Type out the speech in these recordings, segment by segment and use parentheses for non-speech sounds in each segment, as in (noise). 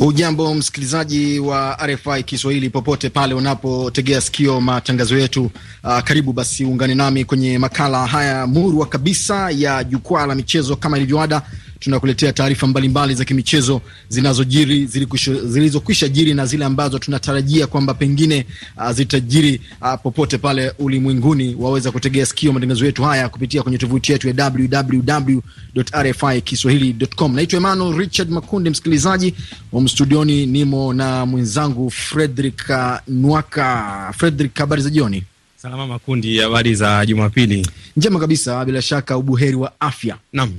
Ujambo msikilizaji wa RFI Kiswahili popote pale unapotegea sikio matangazo yetu. Uh, karibu basi uungane nami kwenye makala haya murwa kabisa ya jukwaa la michezo kama ilivyoada tunakuletea taarifa mbalimbali za kimichezo zinazojiri zilizokwisha jiri na zile ambazo tunatarajia kwamba pengine uh, zitajiri uh, popote pale ulimwenguni. Waweza kutegea sikio matangazo yetu haya kupitia kwenye tovuti yetu ya www.rfikiswahili.com. Naitwa Emmanuel Richard Makundi, msikilizaji wa mstudioni, nimo na mwenzangu Fredrick uh, Nwaka. Fredrick, habari za jioni. Salama Makundi, habari za Jumapili? Njema kabisa, bila shaka ubuheri wa afya. Naam.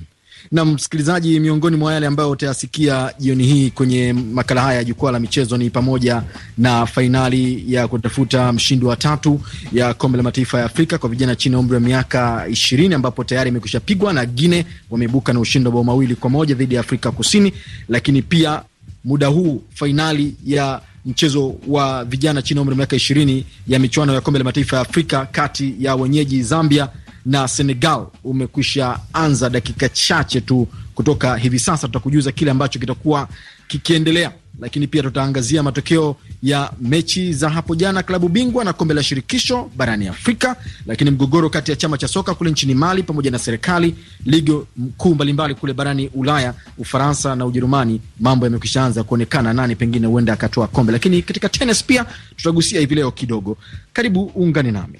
Na msikilizaji, miongoni mwa yale ambayo utayasikia jioni hii kwenye makala haya ya jukwaa la michezo ni pamoja na fainali ya kutafuta mshindi wa tatu ya kombe la mataifa ya Afrika kwa vijana chini ya umri wa miaka ishirini ambapo tayari imekwisha pigwa na Guine wameibuka na ushindi wa bao mawili kwa moja dhidi ya Afrika Kusini, lakini pia muda huu fainali ya mchezo wa vijana chini ya umri wa miaka ishirini ya michuano ya kombe la mataifa ya Afrika kati ya wenyeji Zambia na Senegal umekwisha anza dakika chache tu kutoka hivi sasa. Tutakujuza kile ambacho kitakuwa kikiendelea, lakini pia tutaangazia matokeo ya mechi za hapo jana, klabu bingwa na kombe la shirikisho barani Afrika, lakini mgogoro kati ya chama cha soka kule nchini Mali pamoja na serikali, ligi kuu mbalimbali kule barani Ulaya, Ufaransa na Ujerumani, mambo yamekwisha anza kuonekana nani pengine huenda akatoa kombe. Lakini katika tenis pia tutagusia hivi leo kidogo. Karibu uungane nami.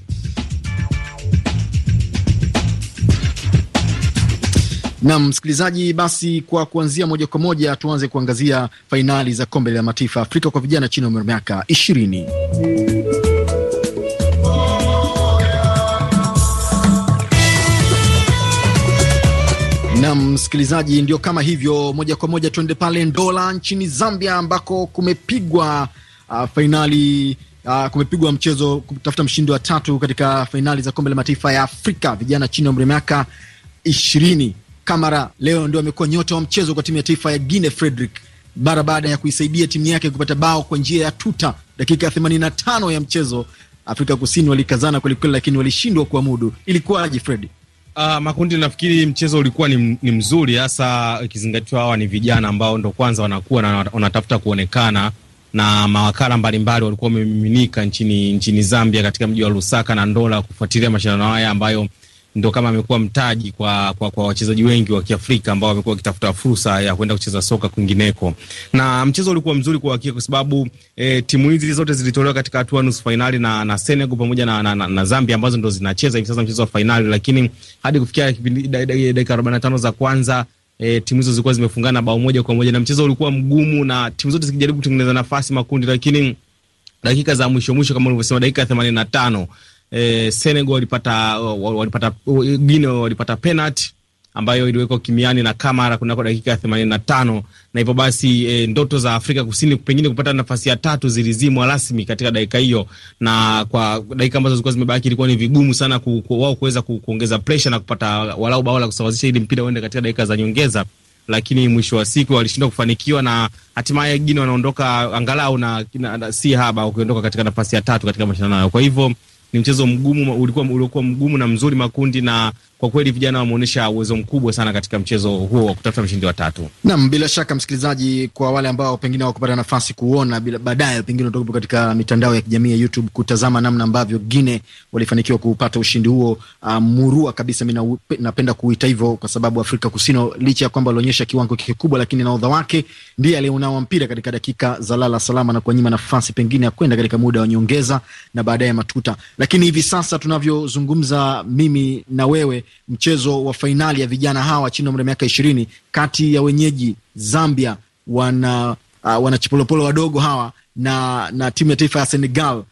Nam msikilizaji, basi kwa kuanzia moja kwa moja tuanze kuangazia fainali za kombe la mataifa Afrika kwa vijana chini ya umri wa miaka ishirini. Nam msikilizaji, ndio kama hivyo, moja kwa moja tuende pale Ndola nchini Zambia ambako kumepigwa uh, fainali Uh, kumepigwa mchezo kutafuta mshindi wa tatu katika fainali za kombe la mataifa ya Afrika vijana chini ya umri wa miaka ishirini. Kamara leo ndio amekuwa nyota wa mchezo kwa timu ya taifa ya Guine Frederick mara baada ya kuisaidia timu yake kupata bao kwa njia ya tuta dakika ya themanini na tano ya mchezo. Afrika Kusini walikazana kwelikweli, lakini walishindwa kuamudu. Ilikuwaje Fred? Uh, ah, makundi, nafikiri mchezo ulikuwa ni, ni mzuri hasa ikizingatiwa hawa ni vijana ambao ndo kwanza wanakuwa na wanatafuta kuonekana, na mawakala mbalimbali walikuwa wamemiminika nchini, nchini Zambia katika mji wa Lusaka na Ndola kufuatilia mashindano haya ambayo ndo kama amekuwa mtaji kwa, kwa, kwa wachezaji wengi wa Kiafrika ambao wamekuwa wakitafuta fursa ya kwenda kucheza soka kwingineko, na mchezo ulikuwa mzuri kwa hakika, kwa sababu e, timu hizi zote zilitolewa katika hatua nusu fainali na, na Senegal pamoja na, na, na, na Zambia ambazo ndo zinacheza hivi sasa mchezo wa fainali, lakini hadi kufikia dakika arobaini na tano za kwanza e, timu hizo zilikuwa zimefungana bao moja kwa moja na mchezo ulikuwa mgumu na timu zote zikijaribu kutengeneza nafasi makundi, lakini dakika za mwisho mwisho kama ulivyosema, dakika themanini na tano eh, Senegal walipata walipata Guinea walipata penalty ambayo iliwekwa kimiani na Kamara kunako dakika ya themanini na tano na hivyo basi e, ndoto za Afrika Kusini pengine kupata nafasi ya tatu zilizimwa rasmi katika dakika hiyo, na kwa dakika ambazo zilikuwa zimebaki ilikuwa ni vigumu sana ku, ku, wao kuweza ku, kuongeza presha na kupata walau bao la kusawazisha ili mpira uende katika dakika za nyongeza, lakini mwisho wa siku walishindwa kufanikiwa na hatimaye Gine wanaondoka angalau na, na, na si haba wakiondoka katika nafasi ya tatu katika mashindano hayo, kwa hivyo ni mchezo mgumu uliokuwa mgumu na mzuri makundi na kwa kweli vijana wameonyesha uwezo mkubwa sana katika mchezo huo wa kutafuta mshindi wa tatu. Naam, bila shaka msikilizaji, kwa wale ambao pengine hawakupata nafasi kuona baadaye, pengine utakupo katika mitandao ya kijamii ya YouTube kutazama namna ambavyo Gine walifanikiwa kupata ushindi huo uh, murua kabisa. Mi napenda kuita hivyo kwa sababu Afrika Kusini licha ya kwamba walionyesha kiwango kikubwa, lakini naodha wake ndiye alionawa mpira katika dakika za lala salama na kuwanyima nafasi pengine ya kwenda katika muda wa nyongeza na baadaye matuta. Lakini hivi sasa tunavyozungumza mimi na wewe mchezo wa fainali ya vijana hawa chini ya umri wa miaka ishirini kati ya wenyeji Zambia wana uh, wanachipolopolo wadogo hawa na, na timu ya taifa ya Senegal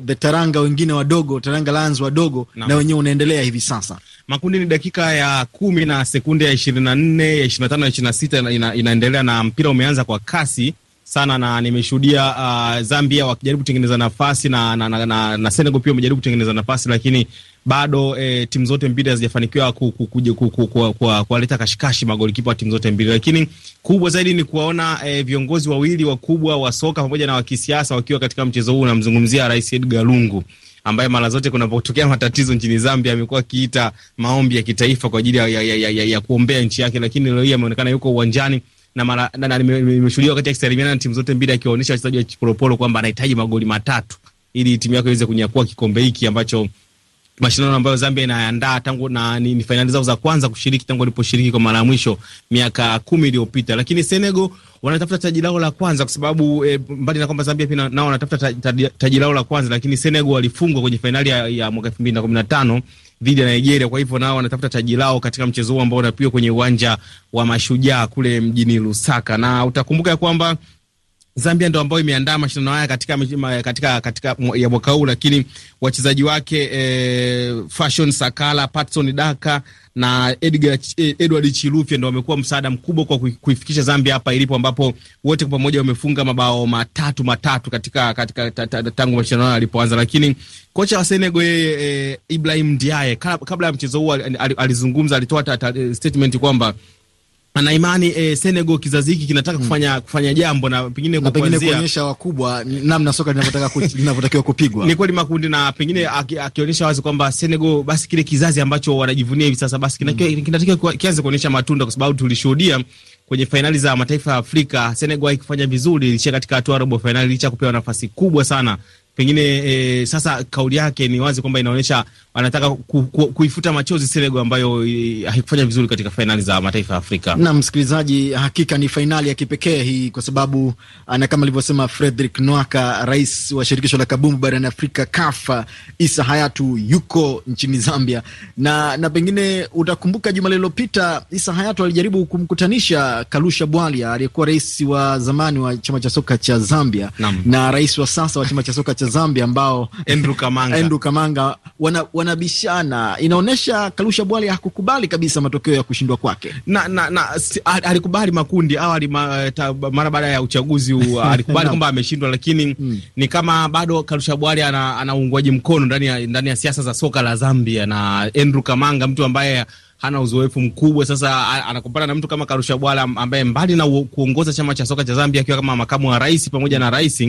veteranga uh, taranga wengine wadogo taranga Lions wadogo na, na wenyewe unaendelea hivi sasa. Makundi ni dakika ya kumi na sekunde ya ishirini na nne ya ishirini na tano ya ishirini na sita ina, inaendelea na mpira umeanza kwa kasi sana na nimeshuhudia uh, Zambia wakijaribu kutengeneza nafasi na, na, na, na, na Senegal pia wamejaribu kutengeneza nafasi, lakini bado eh, timu zote mbili hazijafanikiwa kuwaleta kashikashi magolikipa wa timu zote mbili, lakini kubwa zaidi ni kuwaona eh, viongozi wawili wakubwa wa soka pamoja na wa kisiasa wakiwa katika mchezo huu. Namzungumzia Rais Edgar Lungu ambaye mara zote kunapotokea matatizo nchini Zambia amekuwa akiita maombi ya kitaifa kwa ajili ya, ya, ya, ya, ya kuombea nchi yake, lakini leo hii ameonekana yuko uwanjani na mara na nimeshuhudia wakati akisalimiana na timu zote mbili akiwaonyesha wachezaji wa Chipolopolo kwamba anahitaji magoli matatu ili timu yako iweze kunyakua kikombe hiki ambacho mashindano ambayo Zambia inayandaa tangu na ni, ni fainali zao za kwanza kushiriki tangu waliposhiriki kwa mara ya mwisho miaka kumi iliyopita, lakini Senegal wanatafuta taji lao la kwanza kwa sababu e, mbali na kwamba Zambia pia nao wanatafuta taji lao la kwanza, lakini Senegal walifungwa kwenye fainali ya, ya mwaka tano dhidi ya Nigeria. Kwa hivyo nao wanatafuta taji lao katika mchezo huo ambao unapigwa kwenye uwanja wa Mashujaa kule mjini Lusaka, na utakumbuka ya kwamba Zambia ndo ambayo imeandaa mashindano haya katika, katika, katika ya mwaka huu, lakini wachezaji wake eh, Fashion Sakala, Patson Daka na Edgar, eh, Edward Chilufya ndo wamekuwa msaada mkubwa kwa kuifikisha Zambia hapa ilipo, ambapo wote kwa pamoja wamefunga mabao matatu matatu katika, katika tangu mashindano hayo yalipoanza. Lakini kocha wa Senegal yeye eh, eh, Ibrahim Ndiaye kabla ya mchezo huu alizungumza, alitoa statement kwamba na imani eh, Senegal kizazi hiki kinataka mm. kufanya, kufanya jambo na pengine na pengine kuonyesha wakubwa namna soka linavyotaka (laughs) linavyotakiwa kupigwa. Ni kweli makundi na pengine mm. akionyesha wazi kwamba Senegal basi kile kizazi ambacho wanajivunia hivi sasa basi kinatakiwa mm. kianze kuonyesha matunda, kwa sababu tulishuhudia kwenye fainali za mataifa ya Afrika Senegal haikufanya vizuri, ilishia katika hatua robo fainali licha kupewa nafasi kubwa sana. Pengine eh, sasa kauli yake ni wazi kwamba inaonyesha anataka ku, ku, kuifuta machozi Senegal ambayo eh, haikufanya vizuri katika fainali za mataifa ya Afrika. Na msikilizaji, hakika ni fainali ya kipekee hii, kwa sababu eh, na kama alivyosema Frederick Nwaka, rais wa shirikisho la kabumbu barani Afrika kafa Isa Hayatu yuko nchini Zambia, na na pengine utakumbuka juma lililopita Isa Hayatu alijaribu kumkutanisha Kalusha Bwalia aliyekuwa rais wa zamani wa chama cha soka cha Zambia Nam. na rais wa sasa wa chama cha soka cha Zambia ambao Andrew Kamanga, (laughs) Andrew Kamanga wana, wana wanabishana, inaonyesha Kalusha Bwali hakukubali kabisa matokeo ya kushindwa kwake na, na, na si, alikubali makundi awali ma, mara baada ya uchaguzi (laughs) alikubali kwamba ameshindwa, lakini mm. ni kama bado Kalusha Bwali ana, ana uungwaji mkono ndani ya, ndani ya siasa za soka la Zambia na Andrew Kamanga mtu ambaye hana uzoefu mkubwa. Sasa anakumbana na mtu kama Karusha Bwala ambaye mbali na kuongoza chama cha soka cha Zambia akiwa kama makamu wa rais pamoja na rais,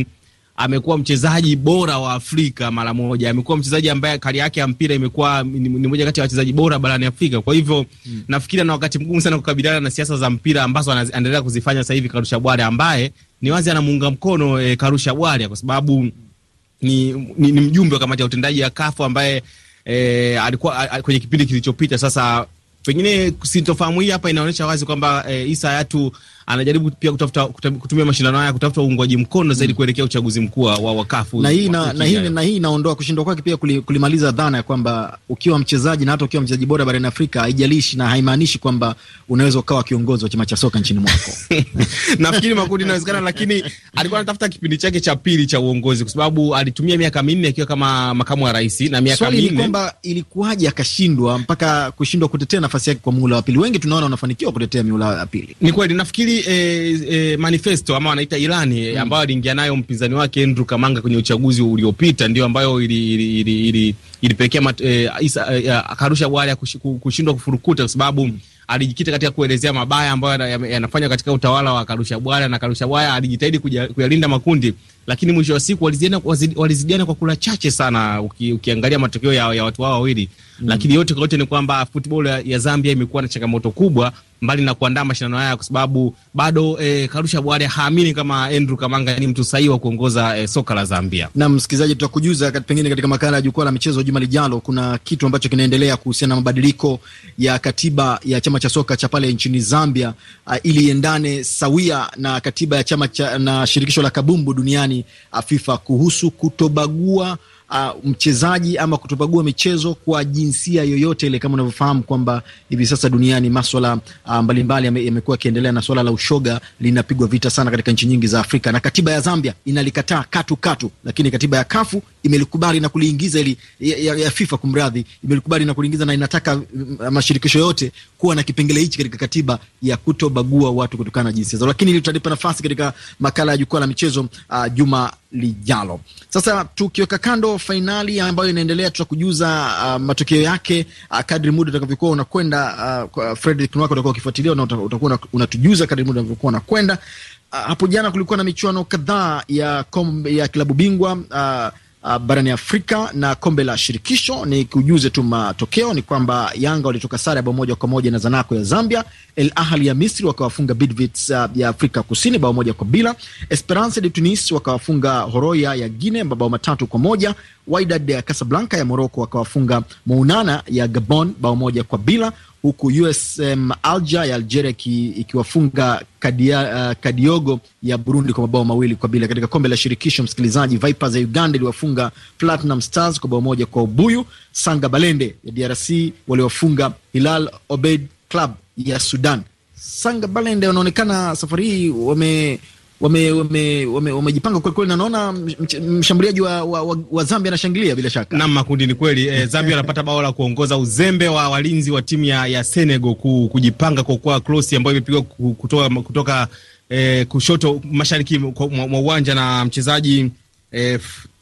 amekuwa mchezaji bora wa Afrika mara moja, amekuwa mchezaji ambaye kari yake ya mpira imekuwa ni moja kati ya wachezaji bora barani Afrika. Kwa hivyo hmm, nafikiri ana wakati mgumu sana kukabiliana na siasa za mpira ambazo anaendelea kuzifanya sasa hivi Karusha Bware, ambaye ni wazi anamuunga mkono e, Karusha Bware kwa sababu ni, ni, ni mjumbe wa kamati ya utendaji ya kafu ambaye e, alikuwa a, kwenye kipindi kilichopita. Sasa pengine sintofahamu hii hapa inaonyesha wazi kwamba e, eh, Isa Hayatu anajaribu pia kutafuta kutumia mashindano haya kutafuta uungwaji mkono zaidi mm. kuelekea uchaguzi mkuu wa wakafu na hii na, na hii na hii inaondoa kushindwa kwake pia kulimaliza dhana ya kwamba ukiwa mchezaji na hata ukiwa mchezaji bora barani Afrika haijalishi na haimaanishi kwamba unaweza ukawa kiongozi wa chama cha soka nchini mwako. (laughs) Nafikiri makundi inawezekana, lakini alikuwa anatafuta kipindi chake cha pili cha uongozi kwa sababu alitumia miaka minne akiwa kama makamu wa rais na miaka minne kwamba ilikuwaje akashindwa mpaka kushindwa kutetea nafasi yake kwa muhula wa pili. Wengi tunaona wanafanikiwa kutetea mihula wa pili. Ni kweli nafikiri eh, eh, manifesto ama wanaita ilani eh, mm, ambayo aliingia nayo mpinzani wake Andrew Kamanga kwenye uchaguzi uliopita ndio ambayo ilipelekea eh, eh Karusha Bwale kushindwa kufurukuta kwa sababu alijikita katika kuelezea mabaya ambayo yanafanywa katika utawala wa Karusha bwara na Karusha Bwale alijitahidi kuyalinda makundi lakini mwisho wa siku walizidiana, kwa kula chache sana, uki, ukiangalia matokeo ya, ya watu hao wawili mm. Lakini yote kwa yote ni kwamba football ya, ya Zambia imekuwa na changamoto kubwa mbali na kuandaa mashindano haya, kwa sababu bado e, Karusha Bwari haamini kama Andrew Kamanga ni mtu sahihi wa kuongoza e, soka la Zambia. Na msikilizaji, tutakujuza pengine katika makala ya jukwaa la michezo juma lijalo, kuna kitu ambacho kinaendelea kuhusiana na mabadiliko ya katiba ya chama cha soka cha pale nchini Zambia, uh, ili iendane sawia na katiba ya chama cha, na shirikisho la kabumbu duniani Marekani, FIFA kuhusu kutobagua uh, mchezaji ama kutopagua michezo kwa jinsia yoyote ile, kama unavyofahamu kwamba hivi sasa duniani maswala uh, mbalimbali yamekuwa yakiendelea na swala la ushoga linapigwa vita sana katika nchi nyingi za Afrika, na katiba ya Zambia inalikataa katu katu, lakini katiba ya kafu imelikubali na kuliingiza ili ya, ya, ya FIFA kumradhi, imelikubali na kuliingiza na inataka uh, mashirikisho yote kuwa na kipengele hichi katika katiba ya kutobagua watu kutokana na jinsia zao. Lakini tutalipa nafasi katika makala ya jukwaa la michezo uh, juma lijalo. Sasa tukiweka kando fainali ambayo inaendelea, tutakujuza uh, matokeo yake uh, kadri muda utakavyokuwa unakwenda. Uh, Fredrick Nwako utakuwa ukifuatilia na utakuwa unatujuza kadri muda utakavyokuwa unakwenda. Uh, hapo jana kulikuwa na michuano kadhaa ya kombe ya klabu bingwa uh, uh, barani Afrika na kombe la shirikisho. Ni kujuze tu matokeo ni kwamba Yanga walitoka sare ya bao moja kwa moja na Zanaco ya Zambia. El Ahli ya Misri wakawafunga Bidvits uh, ya Afrika Kusini bao moja kwa bila. Esperance de Tunis wakawafunga Horoya ya Guine mabao matatu kwa moja. Wydad ya Casablanca ya Morocco wakawafunga Mounana ya Gabon bao moja kwa bila, huku USM Alger ya Algeria ikiwafunga uh, Kadiogo ya Burundi kwa mabao mawili kwa bila. Katika kombe la shirikisho, msikilizaji, Vipers ya Uganda iliwafunga Platinum Stars kwa bao moja kwa ubuyu. Sanga Balende ya DRC waliwafunga Hilal Obeid Club ya Sudan. Sanga Balende wanaonekana safari hii wame wamejipanga wame, wame, kwa kweli, na naona mshambuliaji wa, wa, wa Zambia anashangilia bila shaka. Naam, makundi ni kweli eh, Zambia wanapata bao la kuongoza uzembe wa walinzi wa timu ya, ya Senegal ku, kujipanga kwa kwa cross ambayo imepigwa kutoka, kutoka eh, kushoto mashariki mwa uwanja na mchezaji eh,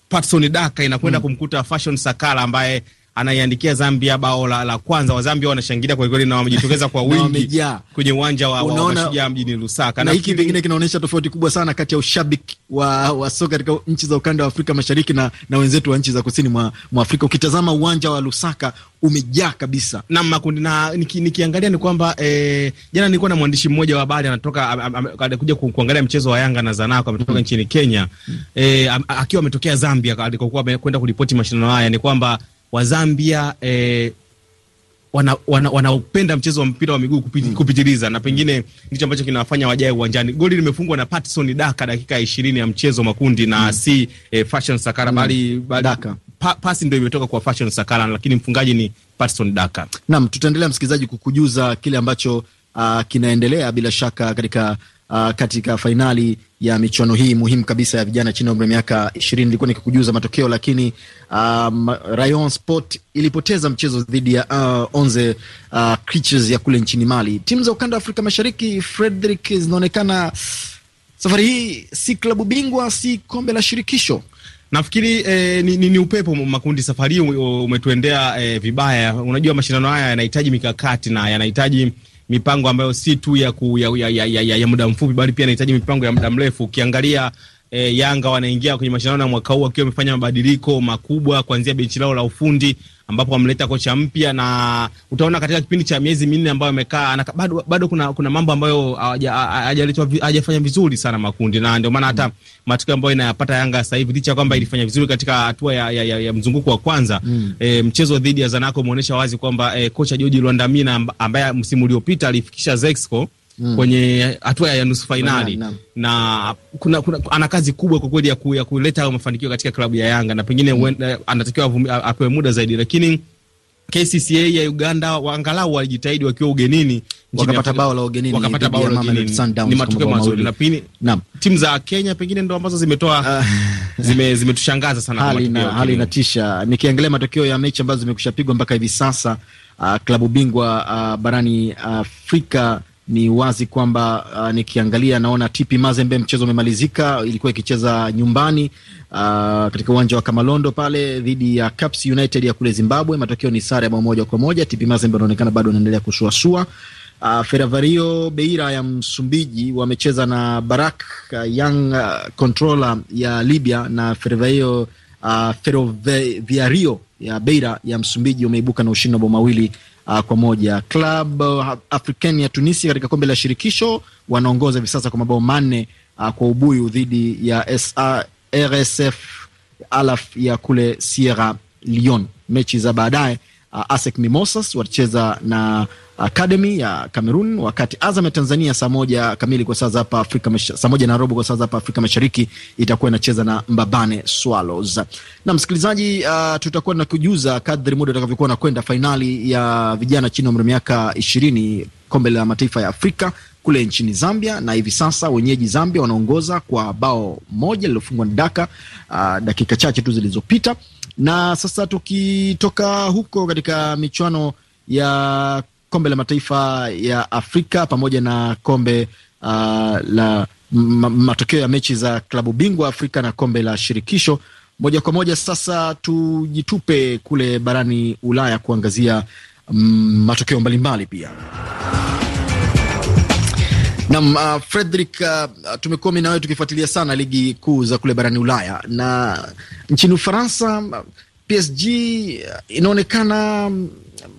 Patson Daka inakwenda mm, kumkuta Fashion Sakala ambaye anaiandikia Zambia bao la, la kwanza. Wazambia wanashangilia kwa kweli na wamejitokeza kwa (laughs) wingi kwenye uwanja wa, wa Mashujaa mjini Lusaka, na hiki pengine kinaonyesha tofauti kubwa sana kati ya ushabiki wa, wa soka katika nchi za ukanda wa Afrika Mashariki na, na wenzetu wa nchi za kusini mwa, mwa Afrika. Ukitazama uwanja wa Lusaka umejaa kabisa na makundi na niki, nikiangalia ni kwamba eh, jana nilikuwa na mwandishi mmoja wa habari anatoka alikuja kuangalia mchezo wa Yanga na Zanaco ametoka mm -hmm. nchini Kenya mm -hmm. eh, akiwa ametokea Zambia alikokuwa amekwenda kuripoti mashindano haya, ni kwamba wa Zambia eh, wanaupenda wana, wana mchezo wa mpira wa miguu kupit, mm. kupitiliza na pengine ndicho ambacho kinawafanya wajae uwanjani. Goli limefungwa na Patson Daka dakika ishirini ya mchezo makundi na mm. si eh, Fashion Sakara mm. bali, bali pa, pasi ndio imetoka kwa Fashion Sakara, lakini mfungaji ni Patson Daka. Naam, tutaendelea msikilizaji kukujuza kile ambacho uh, kinaendelea bila shaka katika uh, katika fainali ya michuano hii muhimu kabisa ya vijana chini ya umri wa miaka ishirini. Nilikuwa nikikujuza matokeo, lakini um, Rayon Sport ilipoteza mchezo dhidi ya uh, Onze uh, Creatures ya kule nchini Mali. Timu za ukanda wa Afrika Mashariki, Frederick, zinaonekana safari hii si klabu bingwa, si kombe la shirikisho Nafikiri eh, ni, ni, ni upepo makundi safari hii umetuendea eh, vibaya. Unajua mashindano haya yanahitaji mikakati na yanahitaji mipango ambayo si tu ya, ya, ya, ya, ya, ya, ya muda mfupi, bali pia inahitaji mipango ya muda mrefu. Ukiangalia e, Yanga wanaingia kwenye mashindano ya mwaka huu wakiwa wamefanya mabadiliko makubwa kuanzia benchi lao la ufundi ambapo wameleta kocha mpya, na utaona katika kipindi cha miezi minne ambayo amekaa bado, bado kuna, kuna mambo ambayo hajafanya vizuri sana makundi, na ndio maana hata mm. matokeo ambayo inayapata Yanga sasa hivi licha kwamba ilifanya vizuri katika hatua ya, ya, ya, ya mzunguko wa kwanza mm. E, mchezo dhidi ya Zanaco umeonyesha wazi kwamba e, kocha George Lwandamina ambaye msimu uliopita alifikisha Zexco mm. kwenye hatua ya nusu fainali na, na kuna, kuna, ana kazi kubwa kwa kweli ya, ku, ya kuleta hayo mafanikio katika klabu ya Yanga na pengine mm. anatakiwa apewe muda zaidi, lakini KCCA ya Uganda angalau walijitahidi wakiwa ugenini wakapata bao la ugenini, wakapata bao la ugenini, ni matokeo mazuri. Na pini timu za Kenya pengine ndo ambazo zimetoa ah. (laughs) zime zimetushangaza sana, hali na hali inatisha. Nikiangalia matokeo ya mechi ambazo zimekushapigwa mpaka hivi sasa, uh, klabu bingwa uh, barani Afrika uh, ni wazi kwamba uh, nikiangalia naona TP Mazembe mchezo umemalizika, ilikuwa ikicheza nyumbani uh, katika uwanja wa Kamalondo pale dhidi ya Caps United ya kule Zimbabwe. Matokeo ni sare ya bao moja kwa moja. TP Mazembe anaonekana bado anaendelea kusuasua. Uh, Feravario Beira ya Msumbiji wamecheza na Barak uh, Young uh, Controller ya Libya na Feravario uh, Feroviario ya Beira ya Msumbiji wameibuka na ushindi wa bao mawili uh, kwa moja. Club ah, African ya Tunisia katika kombe la shirikisho wanaongoza hivi sasa kwa mabao manne uh, kwa ubuyu dhidi ya RSF Alaf ya kule Sierra Leone. Mechi za baadaye uh, ASEC Mimosas watacheza na Academy ya Cameroon, wakati Azam ya Tanzania saa moja kamili kwa saa za hapa Afrika Mashariki, saa moja na robo kwa saa za hapa Afrika Mashariki itakuwa inacheza na Mbabane Swallows. Na msikilizaji, uh, tutakuwa tunakujuza kadri muda utakavyokuwa na kwenda fainali ya vijana chini ya umri miaka ishirini kombe la mataifa ya Afrika kule nchini Zambia, na hivi sasa wenyeji Zambia wanaongoza kwa bao moja lililofungwa na Daka uh, dakika chache tu zilizopita. Na sasa tukitoka huko katika michuano ya kombe la mataifa ya Afrika pamoja na kombe uh, la matokeo ya mechi za klabu bingwa Afrika na kombe la shirikisho. Moja kwa moja sasa tujitupe kule barani Ulaya kuangazia mm, matokeo mbalimbali pia Nam uh, Fredrik, uh, tumekuwa mi na wewe tukifuatilia sana ligi kuu za kule barani Ulaya na nchini Ufaransa PSG inaonekana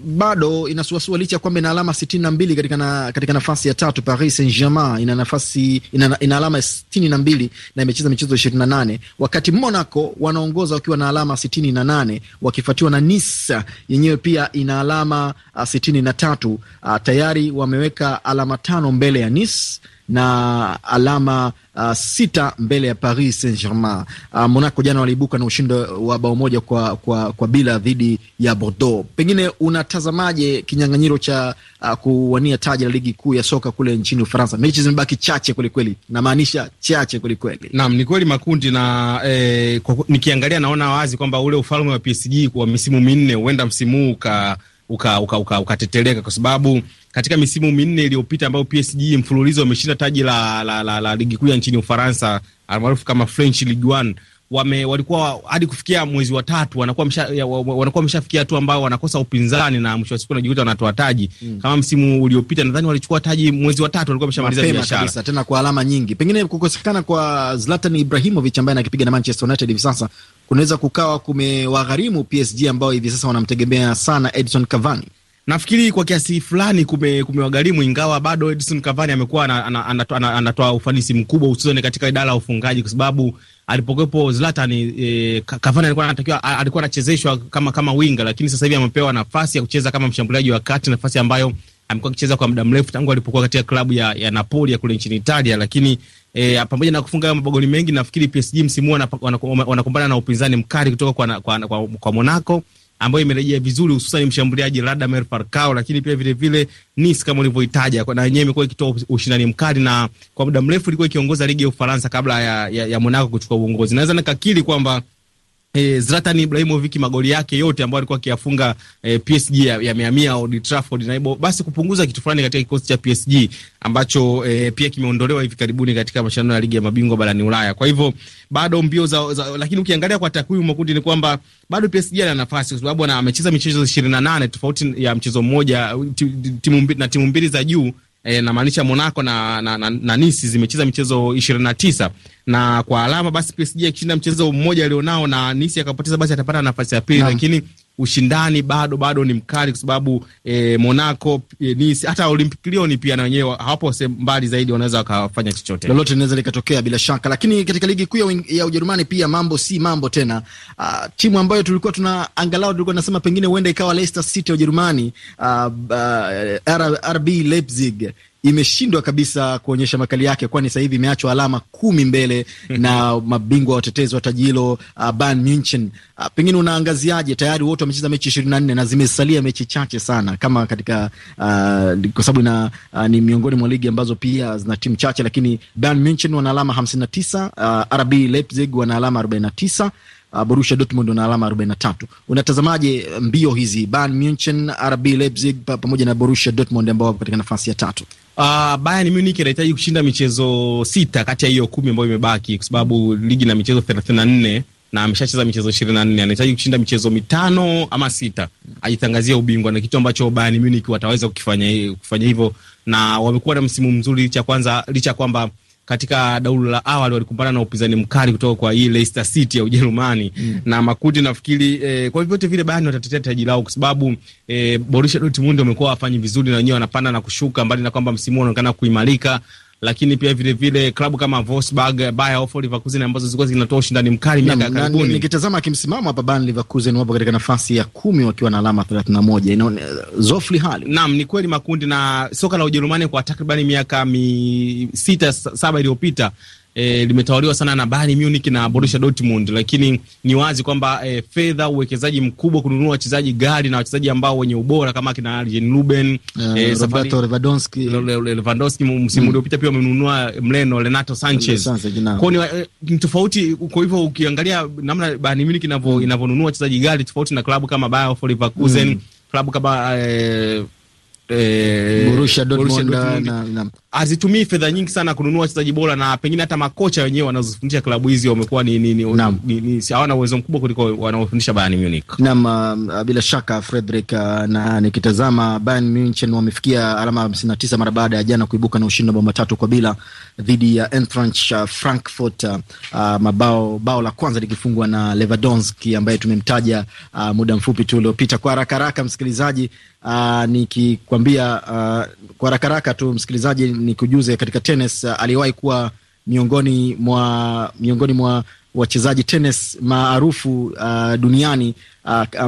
bado inasuasua licha ya kwamba ina alama sitini na mbili katika, na, katika nafasi ya tatu. Paris Saint Germain ina nafasi ina, ina alama sitini na mbili na imecheza michezo ishirini na nane wakati Monaco wanaongoza wakiwa na alama sitini na nane wakifuatiwa na Nice yenyewe pia ina alama ah, sitini na tatu. Ah, tayari wameweka alama tano mbele ya Nice na alama uh, sita mbele ya Paris Saint Germain. Uh, ah, Monaco jana waliibuka na ushindi wa bao moja kwa, kwa, kwa bila dhidi ya Bordeaux. Pengine unatazamaje kinyang'anyiro cha uh, kuwania taji la ligi kuu ya soka kule nchini Ufaransa? Mechi zimebaki chache kwelikweli, namaanisha chache kwelikweli. Naam, ni kweli makundi na eh, kwa, nikiangalia naona wazi kwamba ule ufalme wa PSG kwa misimu minne huenda msimu huu ka ukatetereka uka, uka, uka kwa sababu katika misimu minne iliyopita ambayo PSG mfululizo wameshinda taji la, la, la, la, la ligi kuu ya nchini Ufaransa almaarufu kama French Ligue 1 wame walikuwa hadi kufikia mwezi wa tatu wanakuwa msha, wanakuwa mshafikia tu ambao wanakosa upinzani na mwisho wa siku anajikuta wanatoa taji mm. Kama msimu uliopita nadhani walichukua taji mwezi wa tatu, walikuwa wameshamaliza biashara tena kwa alama nyingi. Pengine kukosekana kwa Zlatan Ibrahimovic ambaye anakipiga na Manchester United hivi sasa kunaweza kukawa kumewagharimu PSG ambao hivi sasa wanamtegemea sana Edison Cavani. Nafikiri kwa kiasi fulani kume, kumewagharimu ingawa bado Edison Cavani amekuwa anatoa ufanisi mkubwa hususan katika idara ya ufungaji, kwa sababu alipokuwepo Zlatan e, Cavani alikuwa anatakiwa alikuwa anachezeshwa kama kama winga, lakini sasa hivi amepewa nafasi ya kucheza kama mshambuliaji wa kati, nafasi ambayo amekuwa akicheza kwa muda mrefu tangu alipokuwa katika klabu ya, ya Napoli ya kule nchini Italia. Lakini e, pamoja na kufunga magoli mengi, nafikiri PSG msimu wanakumbana na upinzani mkali kutoka kwa, kwa, kwa, kwa Monaco ambayo imerejea vizuri, hususan mshambuliaji Radamel Falcao, lakini pia vilevile Nice kama ulivyoitaja, na wenyewe imekuwa ikitoa ushindani mkali na kwa muda mrefu ilikuwa ikiongoza ligi ya Ufaransa kabla ya, ya, ya Monaco kuchukua uongozi. Naweza nikakiri kwamba eh, Zlatan Ibrahimovic magoli yake yote ambayo alikuwa akiyafunga eh, PSG yamehamia ya Old Trafford na hivyo basi kupunguza kitu fulani katika kikosi cha PSG ambacho eh, pia kimeondolewa hivi karibuni katika mashindano ya ligi ya mabingwa barani Ulaya. Kwa hivyo bado mbio za, za lakini ukiangalia kwa takwimu makundi ni kwamba bado PSG ana nafasi kwa sababu amecheza michezo 28 tofauti ya mchezo mmoja timu mbili na timu mbili za juu eh, maanisha Monaco na, na, na, na Nice zimecheza michezo 29 na kwa alama basi PSG akishinda mchezo mmoja alionao na Nice akapoteza basi atapata nafasi ya pili, lakini ushindani bado bado ni mkali kwa sababu eh, Monaco eh, Nice hata Olympic Lyon pia na wenyewe hapo mbali zaidi, wanaweza wakafanya chochote, lolote linaweza likatokea bila shaka. Lakini katika ligi kuu ya Ujerumani pia mambo si mambo tena. Uh, timu ambayo tulikuwa tuna angalau tulikuwa tunasema pengine huenda ikawa Leicester City ya Ujerumani, uh, ah, uh, RB Leipzig imeshindwa kabisa kuonyesha makali yake, kwani sasa hivi imeachwa alama kumi mbele mhm. na mabingwa watetezi wa taji hilo uh, Bayern Munchen. Uh, pengine unaangaziaje? Tayari wote wamecheza mechi ishirini na nne na zimesalia mechi chache sana, kama katika uh, kwa sababu na uh, ni miongoni mwa ligi ambazo pia zina timu chache, lakini Bayern Munchen wana alama hamsini na tisa, uh, RB Leipzig wana alama arobaini na tisa uh, Borussia Dortmund wana alama 43. Unatazamaje uh, mbio hizi Bayern Munchen, RB Leipzig pa, pamoja na Borussia Dortmund ambao wako katika nafasi ya tatu? Uh, Bayern Munich inahitaji kushinda michezo sita kati ya hiyo kumi ambayo imebaki, kwa sababu ligi na michezo 34 na ameshacheza michezo 24. Anahitaji kushinda michezo mitano ama sita ajitangazia ubingwa, na kitu ambacho Bayern Munich wataweza kukifanya kufanya hivyo, na wamekuwa na msimu mzuri licha kwanza licha kwamba katika daulu la awali walikumbana na upinzani mkali kutoka kwa hii Leicester City ya Ujerumani mm. na makundi nafikiri eh, kwa vyovyote vile Bayern watatetea taji lao kwa sababu eh, Borussia Dortmund wamekuwa wafanyi vizuri na wenyewe wanapanda na kushuka, mbali na kwamba msimu unaonekana kuimarika lakini pia vilevile klabu kama Wolfsburg, Bayer Leverkusen Leverkusen ambazo zilikuwa zinatoa ushindani mkali miaka ya karibuni. Nikitazama kimsimamo hapa Bayer Leverkusen wapo katika nafasi ya kumi wakiwa na alama 31. Zofli hali. Naam, ni kweli makundi na soka la Ujerumani kwa takribani miaka mi sita saba iliyopita e, limetawaliwa sana na Bayern Munich na Borussia Dortmund, lakini ni wazi kwamba e, fedha, uwekezaji mkubwa kununua wachezaji gari na wachezaji ambao wenye ubora kama kina Arjen Ruben, uh, e, Roberto Lewandowski Lewandowski, msimu mm. uliopita pia wamenunua mleno Renato Sanchez, kwa ni tofauti. Kwa hivyo ukiangalia namna Bayern Munich mm. inavyonunua wachezaji gari tofauti na klabu kama Bayer Leverkusen, mm. klabu kama e, eh, Borussia Dortmund na hazitumii fedha nyingi sana kununua wachezaji bora, na pengine hata makocha wenyewe wanazofundisha klabu hizi wamekuwa ni ni, ni, ni hawana uwezo mkubwa kuliko wanaofundisha Bayern Munich. Naam, uh, bila shaka Frederick, uh, na nikitazama Bayern Munich wamefikia alama 59 mara baada ya jana kuibuka na ushindi wa mabao matatu kwa bila dhidi ya Eintracht uh, Frankfurt uh, mabao bao la kwanza likifungwa na Lewandowski ambaye tumemtaja uh, muda mfupi tu uliopita. Kwa haraka haraka, msikilizaji Ah, nikikwambia ah, kwa rakaraka tu msikilizaji, nikujuze katika tenis, ah, aliyewahi kuwa miongoni mwa miongoni mwa wachezaji tenis maarufu duniani,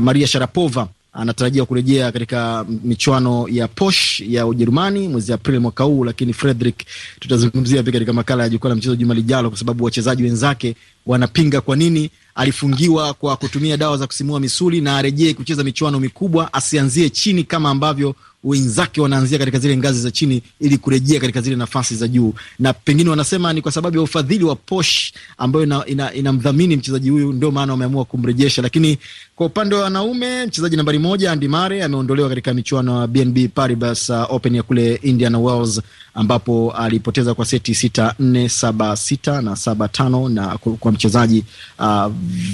Maria Sharapova anatarajiwa kurejea katika michuano ya Posh ya Ujerumani mwezi Aprili mwaka huu, lakini Frederick, tutazungumzia pia katika makala ya jukwaa la mchezo juma lijalo, kwa sababu wachezaji wenzake wanapinga kwa nini alifungiwa kwa kutumia dawa za kusimua misuli na arejee kucheza michuano mikubwa, asianzie chini kama ambavyo wenzake wanaanzia katika zile ngazi za chini ili kurejea katika zile nafasi za juu, na pengine wanasema ni kwa sababu ya ufadhili wa Porsche ambayo inamdhamini ina, ina mchezaji huyu, ndio maana wameamua kumrejesha. Lakini kwa upande wa wanaume, mchezaji nambari moja Andy Murray ameondolewa katika michuano ya BNB Paribas uh, Open ya kule Indian Wells ambapo alipoteza kwa seti sita nne saba sita na saba tano na kwa mchezaji uh,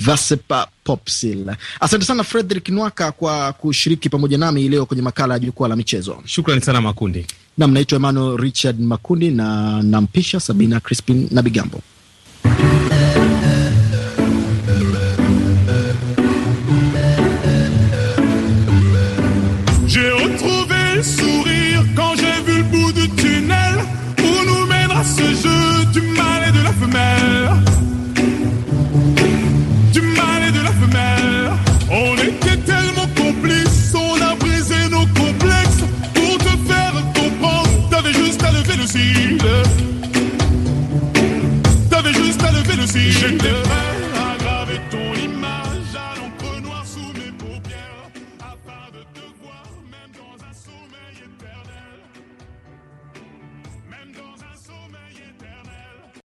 Vasepa uh, Popsil. Asante sana Frederick Nwaka kwa kushiriki pamoja nami leo kwenye makala ya jukwaa la michezo. Shukrani sana Makundi. Nam, naitwa Emmanuel Richard Makundi na nampisha Sabina Crispin na Bigambo.